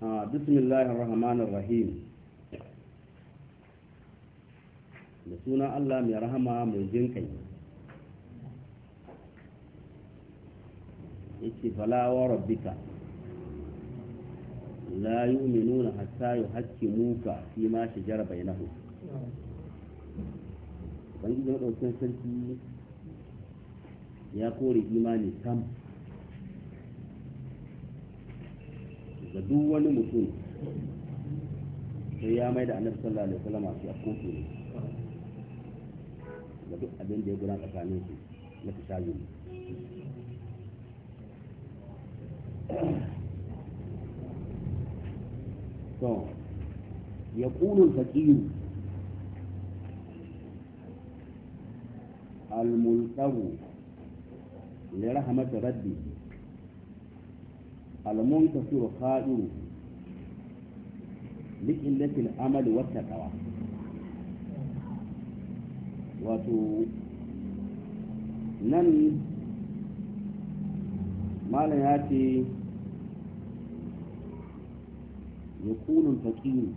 Aa bismillahir rahmanir rahim da suna Allah mai rahama mai jin kai Layu falawa nuna la yu'minuna hatta yuhaqqimuka fi ma shajara bainahum ubangiji madaukakin sarki ya kore imani sam da duk wani mutum sai ya mai da annabi sallallahu alaihi wasallam a kofi ne da duk abin da ya gura tsakanin su na fishali ne to ya ƙunun fakiyu al-multaru li rahmat rabbi المنتصر خائر لقلة الأمل والتقوى wato nan malam ya ce ya kunun faƙiru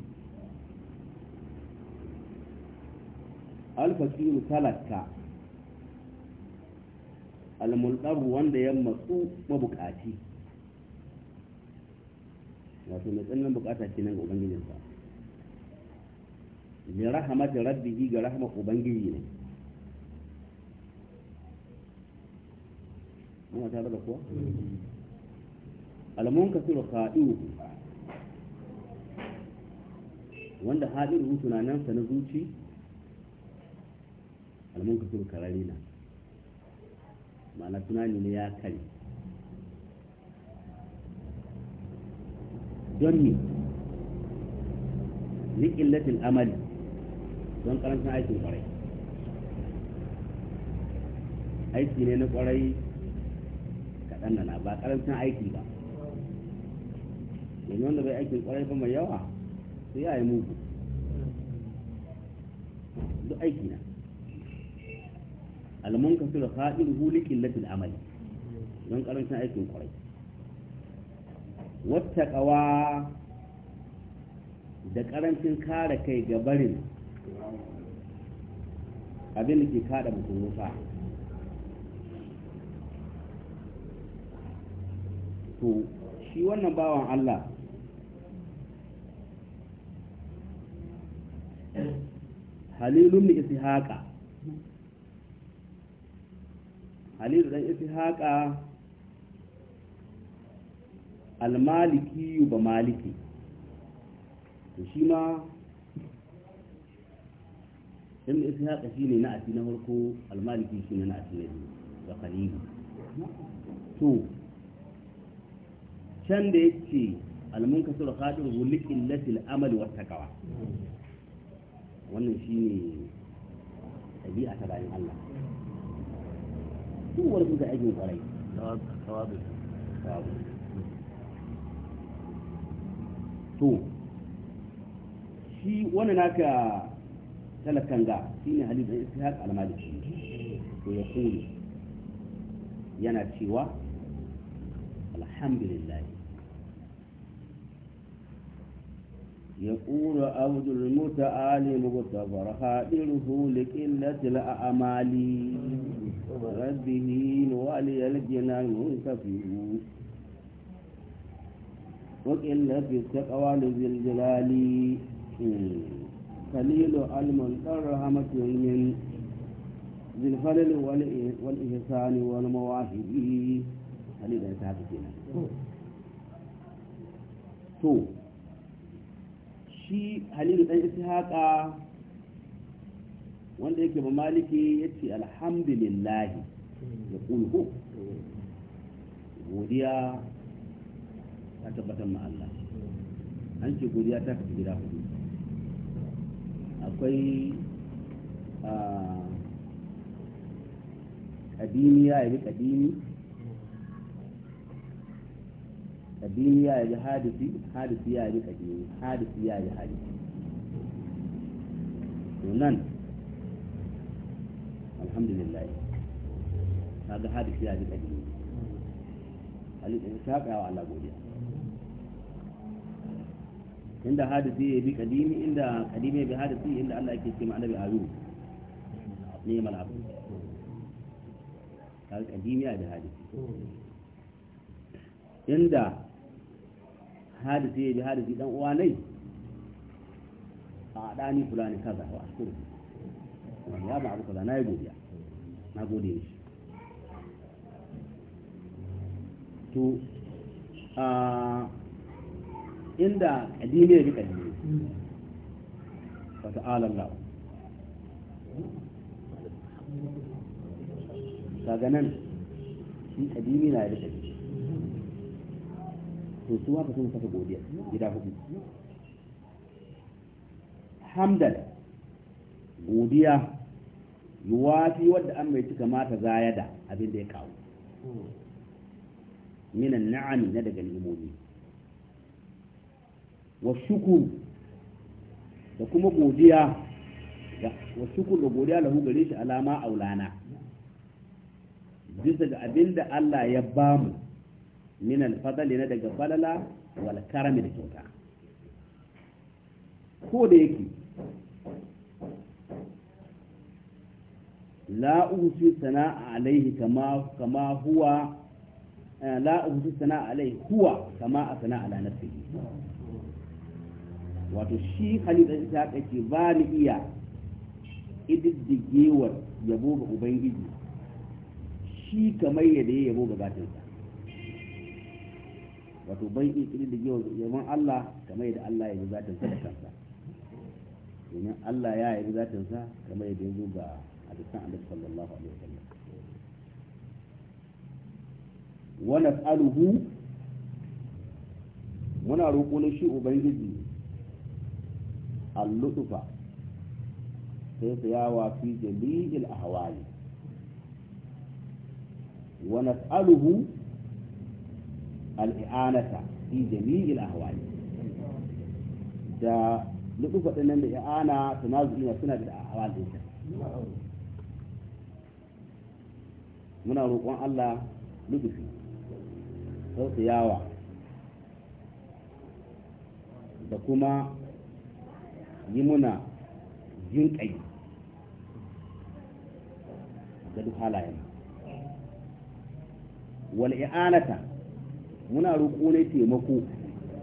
alfaƙiru talaka almulɗaru wanda ya matsu mabukaci. wato mai tsananin bukata ce nan ga ubangijinsa li rahamati rabbihi ga rahama ubangiji ne muna tare da kuwa almunkasir khadiu wanda hadiru sa na zuci almunkasir na, ma'ana tunani ne ya kare don ne liƙillatin amali don ƙarancin aikin kwarai aiki ne na kwarai kaɗan na ba ƙarancin aiki ba domin wanda bai aikin kwarai ba mai yawa sai ya yi mugu duk aiki na almun da haɗin hulikin latin amali don ƙarancin aikin kwarai Wattakawa da karancin kare kai ga barin abin da ke kada mutum wuta to shi wannan bawan Allah halilun haƙa halilun halilu isi haƙa. almaliki ba maliki to shi ma isa haka shi ne na asi na farko almaliki shi ne na asi na biyu da khalilu to can da yake kasar qadir wal qillatil amali wat taqwa wannan shi ne ɗabi'a ta bayan Allah kuma wani kuka ga aikin kwarai to shi wani naka talakan ga shi ne halibin ishaq al-maliki to ya kuri yana cewa alhamdulillah ya kuri abdul muta ali mugutabar haɗiruhu da al-amali rabbihin wali yalgina yunsa fi في التقوى لذي الجلال قليل علم الرحمة من ذي الفضل والإحسان والمواهب قليل التقوى to shi halilu dan ishaqa wanda yake ba يتي الحمد لله يقول هو وديا ta tabbatar ma Allah an ce godiya ta kafi gida hudu akwai kadimi ya yi kadimi kadimi ya yi hadisi hadisi ya yi kadimi hadisi ya yi hadisi to nan alhamdulillah ga hadisi ya yi kadimi halittar ta kayawa Allah godiya inda hadisi ya bi kadimi inda kadimi ya bi hadisi inda Allah yake cewa annabi ayu ne mal abu kal kadimi ya bi hadisi inda hadisi ya bi hadisi dan uwa ne a dani fulani kaza wa ashkuru ya ba abu kaza na godiya na gode shi to a inda kadimi ya bi kadimi wata ta'ala Allah daga nan shi kadimi na da kadimi to su haka sun kafa godiya gida hudu hamdan godiya yuwafi wadda an mai cika mata zayada abin da ya kawo minan na'ami na daga limomi wa da kuma godiya wa da godiya lahu gare shi alama aulana bisa ga abin da Allah ya bamu min alfadali na daga falala wal karami da kyauta ko da yake la uhsi sana'a alaihi kama kama huwa eh, la uhsi sana'a alaihi huwa kama asana ala nafsihi wato shi Khalil dan Ishaq ke ba ni iya ididdigewar yabo ga ubangiji shi kamar yadda ya yabo gabatinsa wato ban ididdigewar yabon Allah kamar yadda Allah ya yi gabatinsa da kansa domin Allah ya yi zatinsa kamar yadda ya zo ga hadisan Annabi sallallahu alaihi wasallam wa nas'aluhu muna roƙo na shi ubangiji allutufa sai yawa fi jami'il ahwali wa nas'aluhu al-i'anata fi jami'il ahwali da lutufa din nan da i'ana tunazuina suna da ahwal din muna roƙon Allah lutufi sai yawa da kuma yi muna jin ƙai ga duk halayen wal i'anata muna roƙo ne taimako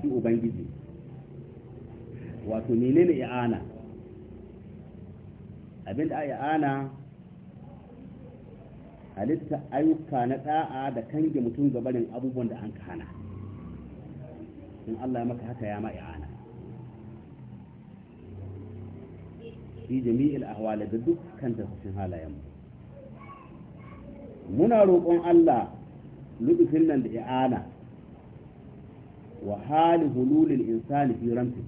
shi ubangiji wato menene i'ana abinda a i'ana halitta ayyuka na da'a da kange mutum barin abubuwan da an kana in Allah ya maka haka ya ma i'ana fi jami'il ahwali da dukkan tafsirin halayen mu muna roƙon Allah lubufin nan da i'ana wa hali hululil insani fi ramtin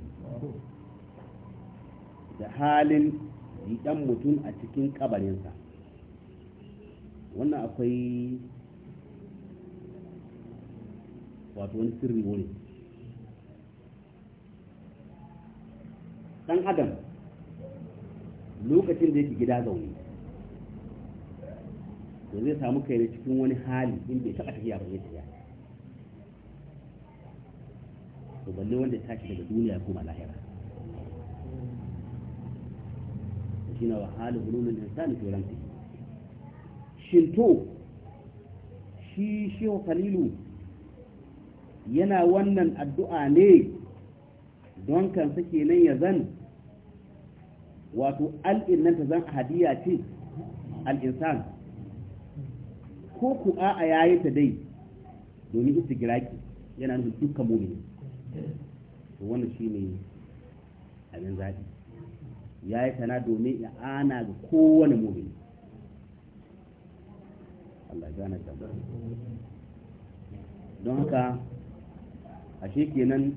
da halin jiɗan mutum a cikin kabarinsa wannan akwai wato wani sirri wuri ɗan adam lokacin da yake gida zaune to zai samu kai cikin wani hali in bai taɓa tafiya ba zai tafiya to balle wanda ya tashi daga duniya ya koma lahira shi na wahalin hulunan insani fi shin shinto shi shehu khalilu yana wannan addu'a ne don kan sake nan ya zan wato al'in nan ta zan hadiya ce al'insan ko ku a yayi ta dai domin giraki yana nufin dukkan mumini to wannan shine abin zaɗi ya yi tana domin ya ana ga kowane mumini Allah gane don haka ashe kenan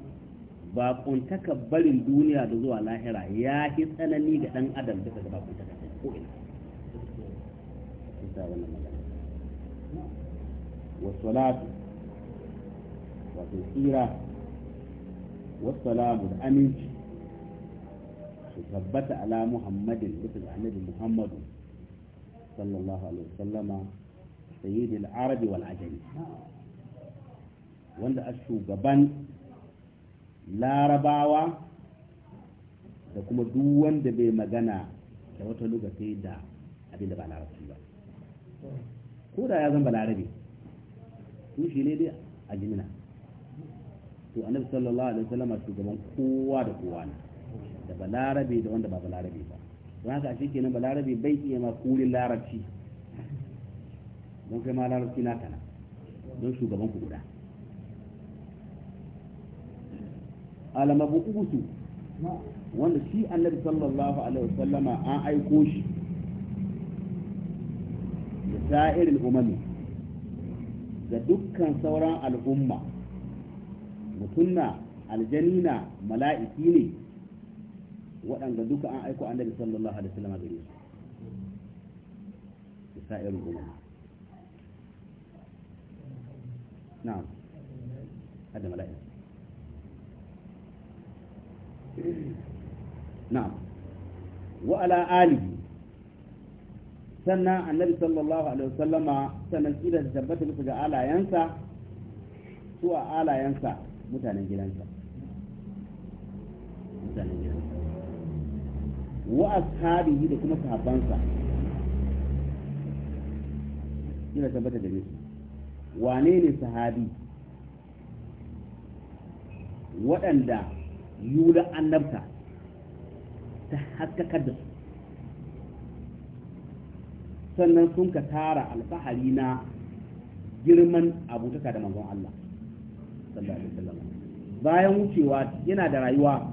ba kuntaka barin duniya da zuwa lahira ya fi tsanani ga dan adam bisa wato tsira da aminci su tabbata ala muhammadin bisa ga annabi muhammadu sallallahu alaihi wasallama sayyidil arabi wal ajami wanda a shugaban larabawa da kuma duk wanda bai magana da wata lokaci sai da abin da ba larabci ba ko da ya zama larabe shi ne dai a jimina to annabi sallallahu alaihi wasallam shugaban kowa da kowa ne da ba balarabe da wanda ba balarabe ba don haka shi kenan balarabe bai iya ma kulin larabci don kai ma larabci na kana don shugaban ku guda almabu'usu wanda shi annabi sallallahu alaihi wasallama an aiko shi da sa'irin umami ga dukkan sauran al'umma mutunna Aljanina aljani na mala'iki ne waɗanda duka an aiko annabi sallallahu alaihi wasallama gare su da sa'irin umami na'am hada mala'iki na'am wa ala alihi sannan annabi sallallahu alaihi wasallama sannan kila da tabbata musu ga alayansa su a alayansa mutanen gidansa mutanen gidansa wa ashabihi da kuma sahabbansa kila tabbata da su wane ne sahabi waɗanda yula annabta ta haskakar da su sannan sun ka tara alfahari na girman abutaka da manzon Allah sallallahu alaihi wasallam bayan wucewa yana da rayuwa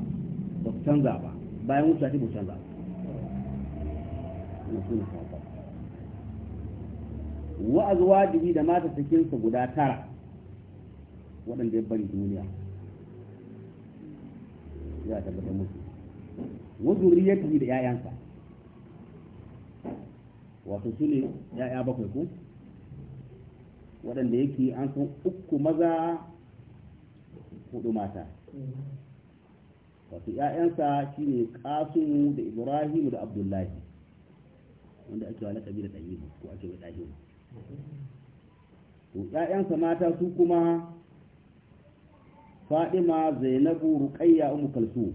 ba su canza ba bayan wucewa ta ba su canza ba wa'azuwa da mata cikinsa guda tara waɗanda ya bari duniya ya a tabbatar musu wa zuriyatihi da 'ya'yansa wato su ne 'ya'ya bakwai ko waɗanda yake an san uku maza hudu mata wato yayansa shine Qasimu da Ibrahim da Abdullahi wanda ake wa lakabi da Tayyibu ko ake wa Tahiru to yayansa mata su kuma fadima zainabu ruqayya ummu kalsum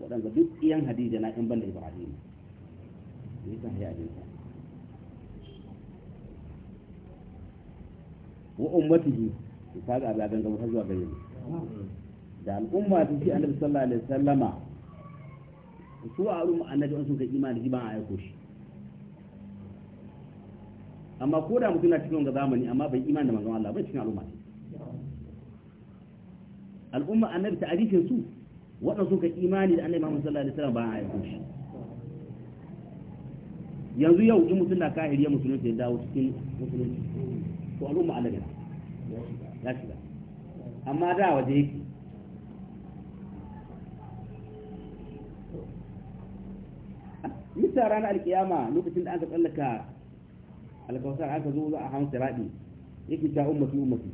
waɗanda duk iyan hadija na in banda ibrahim ne ta haya din wa ummatihi ta ga ba gaba har zuwa gare ni da al'umma ta shi annabi sallallahu alaihi wasallama su a al'umma annabi an sun kai imani shi ba a aiko shi amma ko da mutum na cikin ga zamani amma bai imani da manzon Allah ba cikin al'umma al'umma annabi ta arifin su waɗanda suka imani da annabi Muhammad sallallahu alaihi wasallam ba a aiko shi yanzu yau in mutum na kahiri ya musulunci ya dawo cikin musulunci to al'umma annabi ya shiga amma da waje yake mutara na alkiyama lokacin da aka tsallaka alkawasar aka zo za a hamsa raɗi yake ta ummati ummati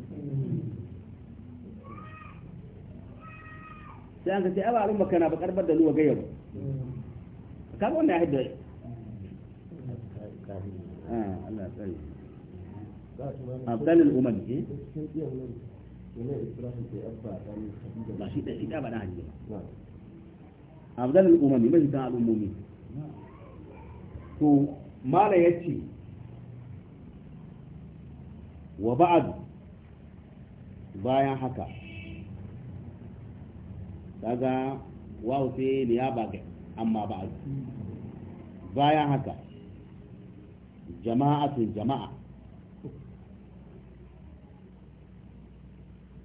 sai an ka ce abarun baka na bakar bar da luwa gayya ba kaga wannan ya hidda ah, Allah tsari umar eh? ba shi da ita ba na hajji ba abdalil umar mai ta to mala yace wa ba'd bayan haka kaga wawu sai ne ya ba amma ba a bayan haka jama'atun jama'a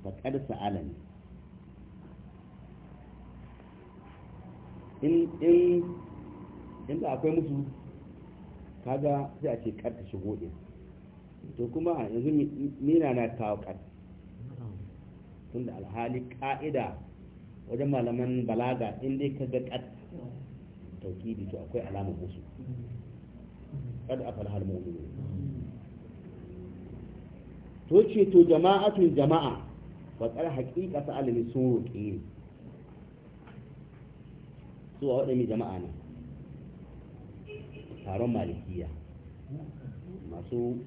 faƙar sa'ala ne in in da akwai musu kaga sai a ce karka shigo ɗin to kuma yanzu mina na kawo kar tunda alhali ka'ida wajen malaman balaga in dai ka ga kad to akwai alamar musu kad afal hal mu'minin to ce to tun jama'a wa tsara haƙiƙa ta alimi sun roƙe ni su a waɗanne jama'a ne taron malikiya masu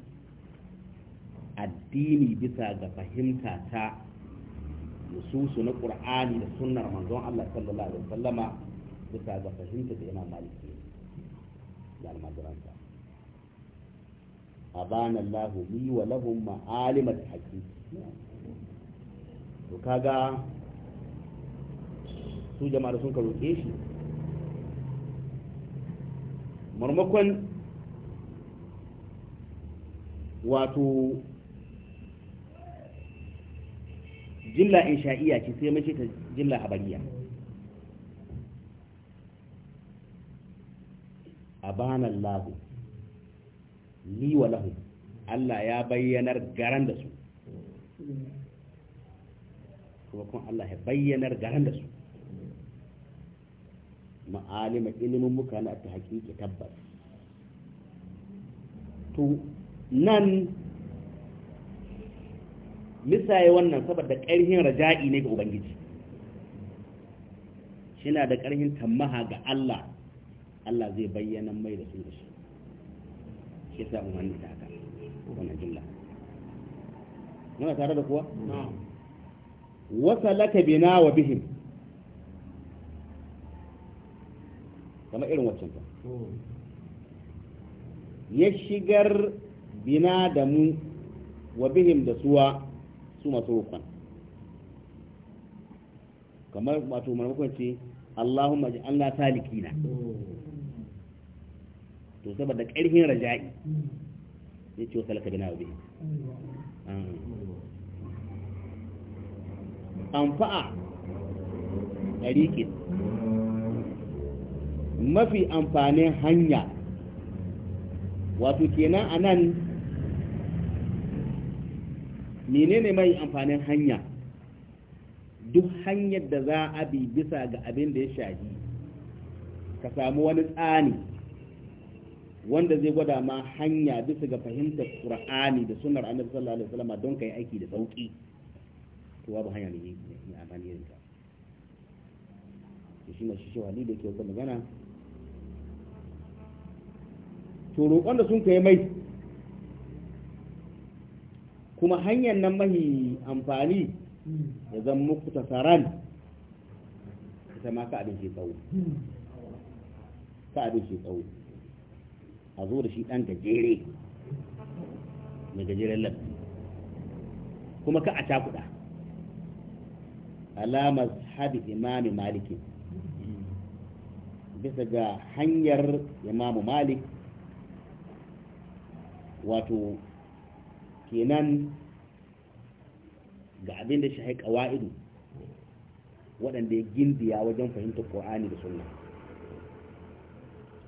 addini bisa ga fahimta ta nususu na qur'ani da sunnar manzon Allah sallallahu alaihi wasallama bisa ga fahimta da imam maliki da almajiransa abana Allah li wa lahum ma'alimat haqiqi to kaga su jama'a sun ka roƙe shi marmakon wato Jilla in insha'iya ce sai mace ta jilla habariya abana Allah li wa lahu Allah ya bayyanar garan da su kuma kuma Allah ya bayyanar garan da su ma'alima ilimin muka na ta hakiki tabbas to nan misaye wannan saboda ƙarhin raja'i ne ga ubangiji shina da ƙarhin tammaha ga Allah Allah zai bayyana mai da sun da shi shi sa mu wani haka wannan jumla muna tare da kuwa wasalaka bina wa bihim kamar irin waccan ta ya shigar bina da mu wa bihim da suwa su masu roƙon kamar wato maimakon ce Allahumma ji an Allah likina to saboda ƙarfin raja'i ya ce wasu lakabi na obi an fa'a ɗariƙin mafi amfanin hanya wato kenan a nan menene mai amfanin hanya duk hanyar da za a bi bisa ga abin da ya shaji ka samu wani tsani wanda zai gwada ma hanya bisa ga fahimtar qur'ani da sunar annabi sallallahu alaihi wasallam don kai aiki da sauki to babu hanya ne ne amfani da ita shi ne shi shi wali da ke magana to roƙon da sun kai mai kuma hanyar nan mahi amfani ya zan muku saran ita ma ka abin shi tsawo ka abin shi tsawo a zo da shi ɗan gajere mai gajeren lafi kuma ka a cakuɗa alamar haɗi imami maliki bisa ga hanyar imamu malik wato kenan ga abin da shi haika wa'idu waɗanda ya gindiya wajen fahimtar ƙwa'ani da sunna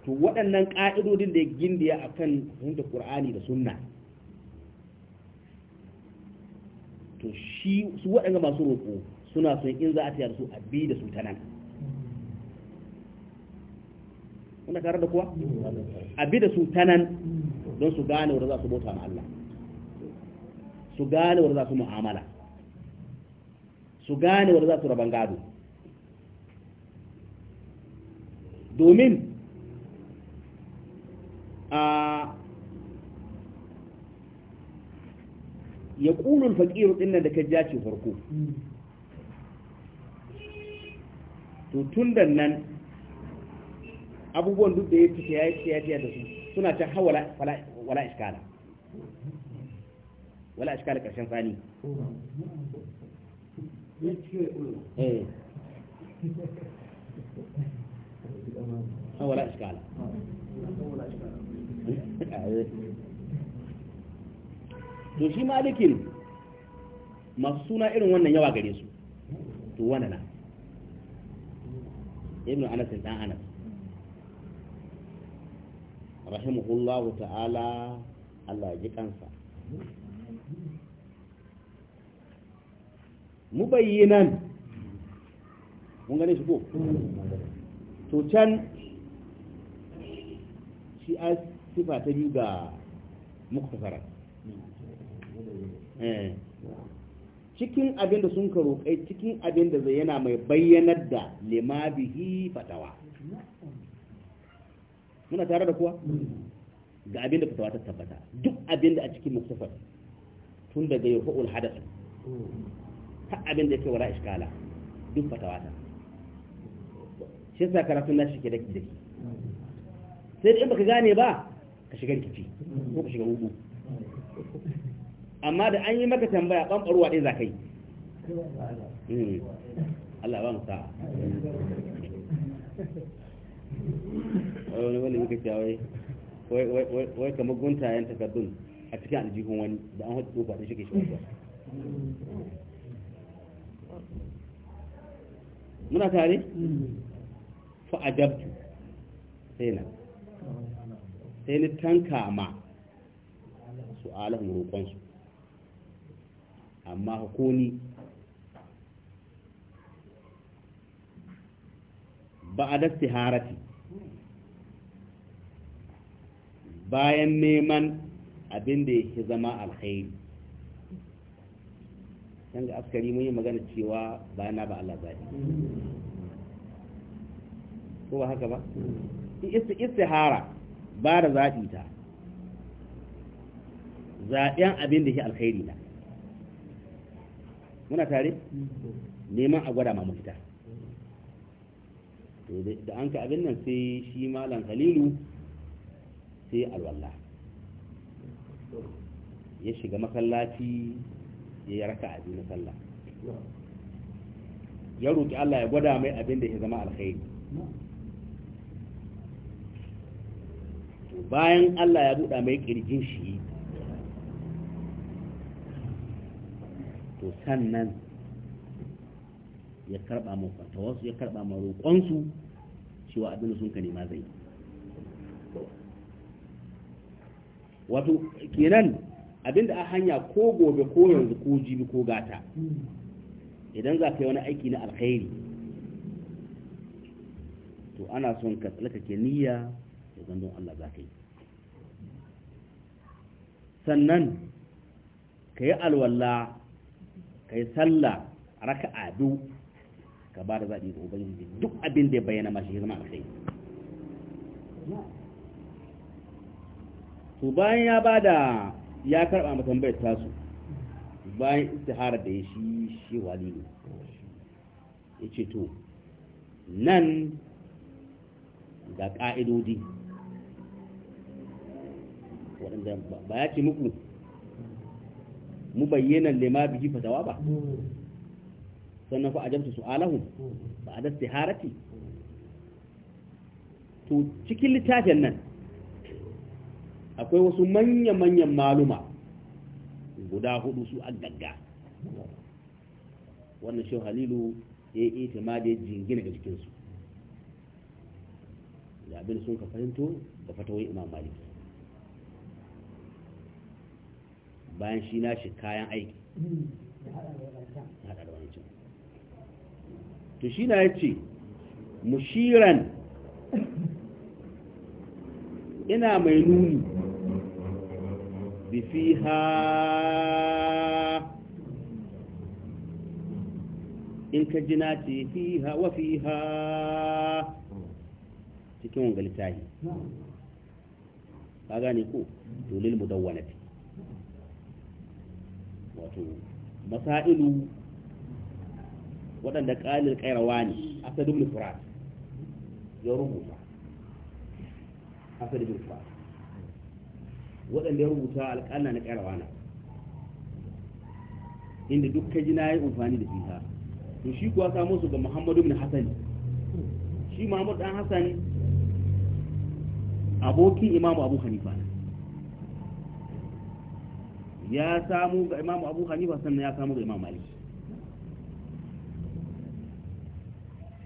to waɗannan ƙa'idodin da ya gindiya a kan fahimtar ƙwa'ani da sunna to shi su waɗanda masu roƙo suna son in za a tayar su a bi da su ta nan wanda tare da kuwa a bi da su ta nan don su gane wanda za su bauta ma Allah su gane wanda za su mu'amala su gane wanda za su raban gado domin a ya ƙulun faƙiru ɗin da ka jace farko to tun da nan abubuwan duk da ya fi ya da su suna can hawa wala iskala wala ashkal karshen sani to shi malikin masu suna irin wannan yawa gare su to wani na ibn anas dan anas rahimahullahu ta'ala Allah ya ji kansa mubayyinan mun gane shi ko to can shi a sifa ta biyu ga muktasara eh. cikin abin da sun karo kai cikin abin da zai yana mai bayyanar da lima bihi fatawa muna tare da kuwa ga abin da fatawa ta tabbata duk abin da a cikin muktasar tun daga yarfa'ul hadas abin da yake wala iskala duk fatawa ta shi yasa karatun nashi ke daki daki sai in baka gane ba ka shiga rikici ko ka shiga hudu amma da an yi maka tambaya ɓanɓarwa ɗin za ka yi hmm. Allah ba musa wani wani muka cewa wai kamar guntayen takardun a cikin aljihun wani da an hudu tsofa da shi ke shi wani muna tare fa adabtu sai na sai ni tanka ma su alahun roƙonsu amma hukuni ba a dasti harati bayan neman abin da ya zama alkhairi can ga askari mun yi magana cewa ba na ba Allah zai ko ba haka ba istihara ba da zaɓi ta zaɓen abin da shi alkhairi na muna tare neman a gwada ma mafita da an ka abin nan sai shi malam khalilu sai alwallah ya shiga masallaci ya yi raka'a biyu na sallah ya roƙi Allah ya gwada mai abin da ya zama alkhairi bayan Allah ya buɗa mai ƙirgin shi to sannan ya karɓa mu wasu ya karɓa mu roƙonsu cewa abin da sun ka nema zai wato kenan Abin da a hanya ko gobe ko yanzu ko jibi ko gata idan za ka yi wani aiki na alkhairi to ana son ka ke niyya da zandon Allah za ka yi sannan ka yi alwalla ka yi sallah raka adu ka ba da zaɓi ga ubangiji duk abin da ya bayyana ma shi zama alkhairi to bayan ya bada. ya karba ma tambayar tasu bayan istihara da ya shi shi wali ne ya ce to nan ga ƙa'idodi waɗanda ba ya ce muku mu bayyana lema bihi fatawa ba sannan fa ajabtu su'alahum ba da istiharati to cikin littafin nan akwai wasu manya-manyan maluma guda hudu su an gagga wannan shi halilu ya yi itima da jingina ga jikinsu da abin sun ka fahimto fata fatawai imam malik bayan shi na shi kayan aiki da wancan to shi na ya ce mushiran ina mai nuni الرب فيها إن كجناتي فيها وفيها تكون قال تاي هذا نيكو دول المدونة واتو مسائل وطن دكال القيرواني أفتد ابن فرات يرمو فرات أفتد ابن فرات waɗanda ya rubuta alƙalla na ƙarawana inda duk ka ji na yi amfani da fita to shi kuwa samo su ga muhammadu ibn Hassani. shi muhammadu ɗan hasan abokin imamu abu hanifa ya samu ga imamu abu hanifa sannan ya samu ga imamu malik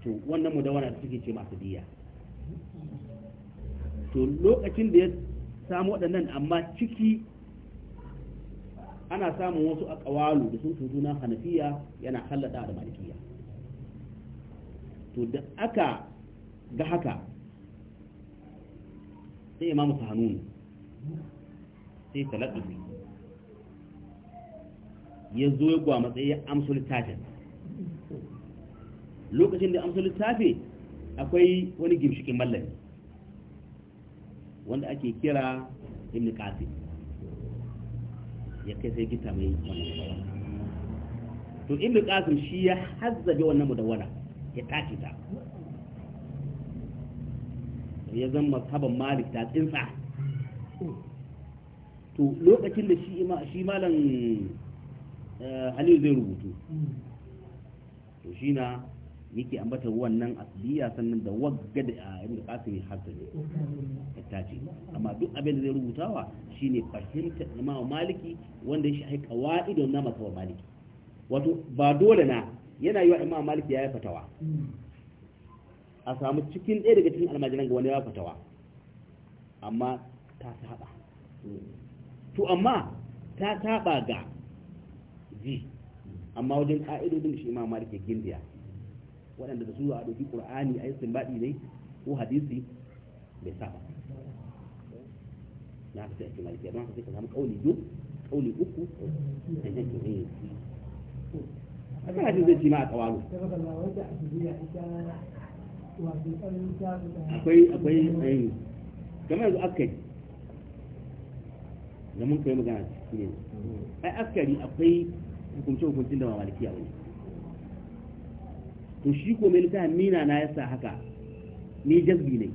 to wannan mu da wani da suke ce masu diya to lokacin da ya samu waɗannan amma ciki ana samun wasu a ƙawalu da sun na hanafiya yana hallada da malikiya to da aka ga haka sai imamu hanunu sai talaɗi ya zo ya gwa matsayi ya lokacin da amsa tafe akwai wani gimshikin mallami wanda ake kira ibn qasim ya kai sai gita mai wannan to ibn qasim shi ya hazzabe wannan mudawwana ya tace ta ya zama mazhaban malik ta tsinsa to lokacin da shi shi malam eh, halil zai rubutu mm. to shi na yake ambata wannan asliya sannan da wagga da ibn hasu ne ta ce amma duk abin da zai rubutawa shine fahimta imam maliki wanda ya shi qawaidun na masawa maliki wato ba dole na yana yi wa imam maliki ya fatawa a samu cikin ɗaya daga cikin almajiran ga wani ya fatawa amma ta saba to amma ta saba ga ji amma wajen ka'idodin shi imam maliki ya gindiya waɗanda da su a ɗauki ƙur'ani a yi baɗi ne ko hadisi bai sa ba na haka sai ake malikiya don haka sai ka samu ƙauli biyu ƙauli uku da yan kyoyi a kan hajji zai ci ma a ƙawalo akwai akwai ayi eh, kamar yanzu askari da mun kai magana ne. ai askari akwai hukunce hukuncin da ba malikiya wani to shi ko mai littafin mina na yasa haka ni jazbi ne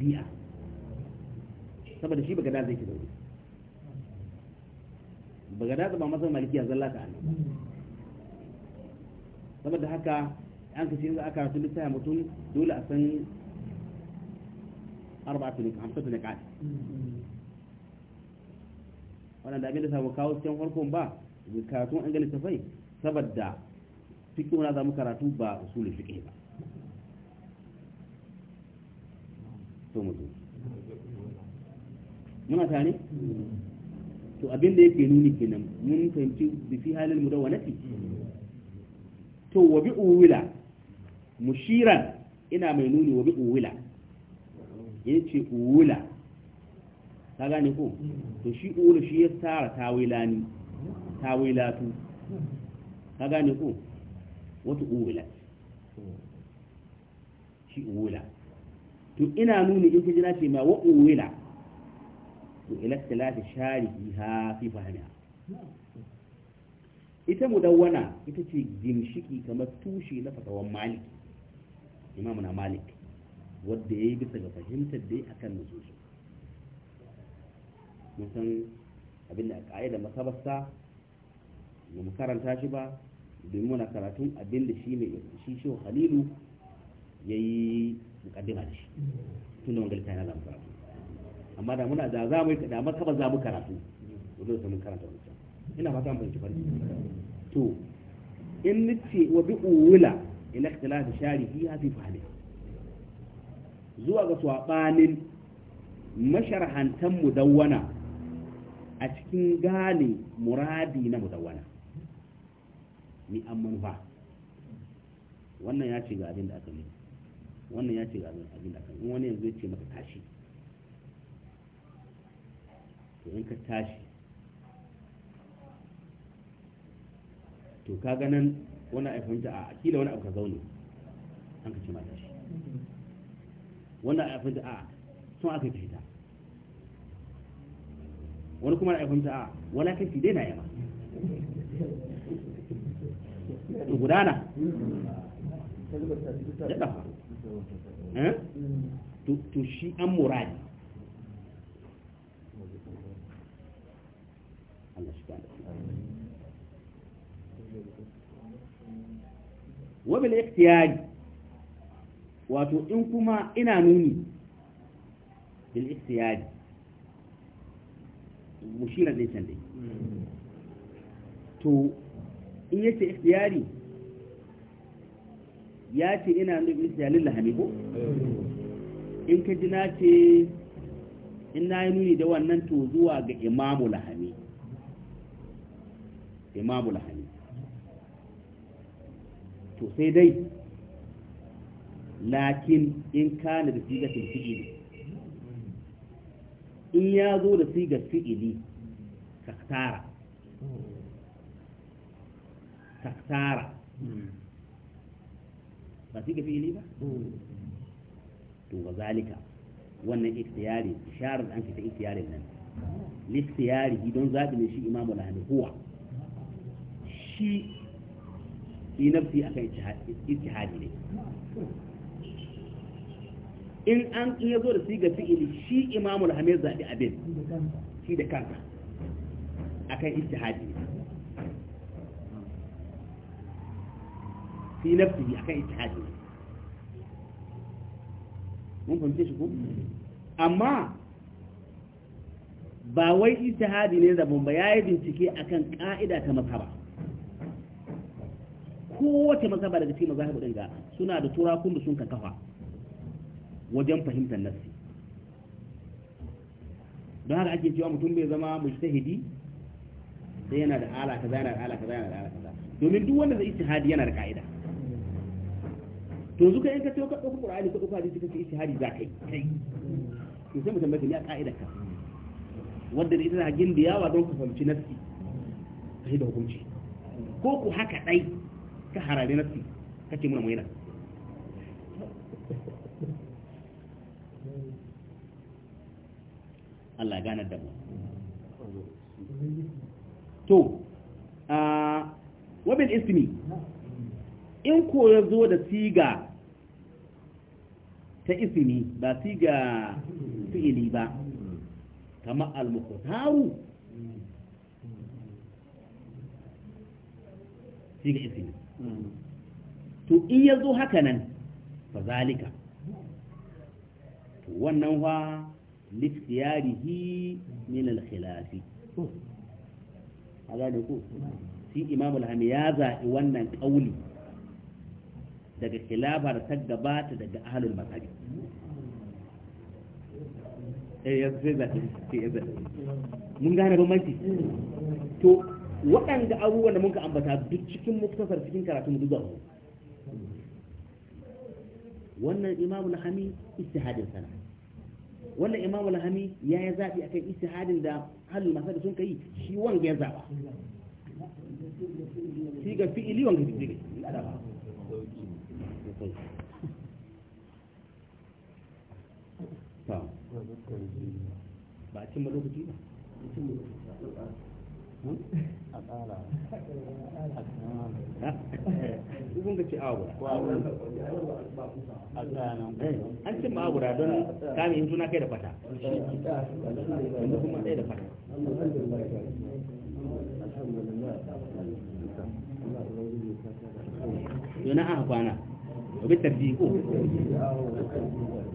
biya saboda shi da zai ki zaune da ba masa maliki zalla ka annabi saboda haka an kace in za a karatu littafin mutum dole a san arba'atu ne hamsatu ne kai wannan da abin da samu kawo cikin farkon ba karatun an ga littafai saboda fikin wani zama karatu ba usulul fiƙi ba to mutum muna tare to abinda yake nuni kenan mun fahimci da fi halin mudawwanati to wa bi uwila mushiran ina mai nuni wa bi uwila ce uwila ka gane ko to shi uwila shi ya tara tawilani tawilatu ka gane ko wata uwula shi uwula to ina nuni in kuji ce ma wa uwula to ila talata sharihi ha fi fahimta ita mudawwana ita ce ginshiki kamar tushe na fatawan malik imamu na malik wadda ya yi bisa ga fahimtar dai akan nususu mun san abin da ƙa'ida masabarsa ba mu karanta shi ba domin muna karatun abin da shi ne shi shi halilu ya yi mukaddima da shi tun wanga littafi kayan zamu karatu amma da muna da za mu yi da maka ba za mu karatu ko sai mun karanta wancan ina fata mun fahimci farki to in nace wa bi ina ila ikhtilafi sharihi ha fi fahmi zuwa ga swabanin masharhantan mudawwana a cikin gane muradi na mudawwana ni an manufa wannan ya ce ga abin da aka mai wannan ya ce ga abin da aka mai wani yanzu ya ce maka tashi to in ka tashi to ka ganin wani a fahimta a akila wani abu ka zaune an ka ce ma tashi wani a fahimta a sun aka yi fita wani kuma a fahimta a wala kai daina yama gudana ya ɗafa eh? to shi an muradi wabil ikhtiyari wato in kuma ina nuni bil ikhtiyari mushirar ne dai to in ya ce ikhtiyari ya ce ina nufin da lahani ko in ka ji na ce in na yi nuni da wannan to zuwa ga imamu lahani imamu lahani to sai dai lakin in na da sigatin fi'ili in ya zo da sigar fi'ili ka tara saksara ba su ga fi'ili ba to wa zalika wannan ikhtiyari isharar an fita ikhtiyarin nan likhtiyari don zaɓi ne shi imamu lahani huwa shi yi nafsi a kan in an iya zo da siga fi'ili shi imamu lahani zaɓi abin shi da kanka a kan ittihadi ne في نفسه ba wai ijtihadi ne zaban ba yayi bincike akan ka'ida ta mazhaba kowace mazhaba suna da turakun da sun kafa wajen fahimtar don haka ake cewa mutum bai zama mujtahidi sai yana da ala kaza yana da ala kaza yana da ala kaza domin duk wanda zai ijtihadi yana da ka'ida to zuka in ka tayo ka dauko qur'ani ka dauko hadisi kake istihari za kai to sai mu tambaye ni a ka'ida ka wanda ita na gindi yawa don ku fahimci nafsi kai da hukunci ko ku haka ɗai ka harare nafsi ce muna nan Allah gane da mu to ah, a ismi in ko ya zo da siga ta isimi ba siga fi'ili ba kama al-mukhtaru siga isimi to in ya zo haka nan fa zalika wannan wa liftiyarihi min al a gane ku shi imam al ya zaɓi wannan ƙauli daga kilabar da ta gabata daga ahlul mazhabi eh ya sai zaki sai mun gane bambanci to waɗanda abubuwan da muka ambata duk cikin muktasar cikin karatu mu duba wannan imamu lahami istihadin sana wannan imamu lahami ya yi zaɓi akan istihadin da halin masu da sun kai shi wanga ya zaɓa shi ga fi'ili wanga fi'ili sosai ba a cimma lokaci ba ce eh, an don kame yin suna kai da yana a kwana bɛ tabi ko o a bɛ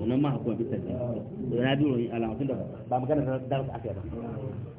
tabi o y'a ala o tɛ dɔn bamakɔ da o ta a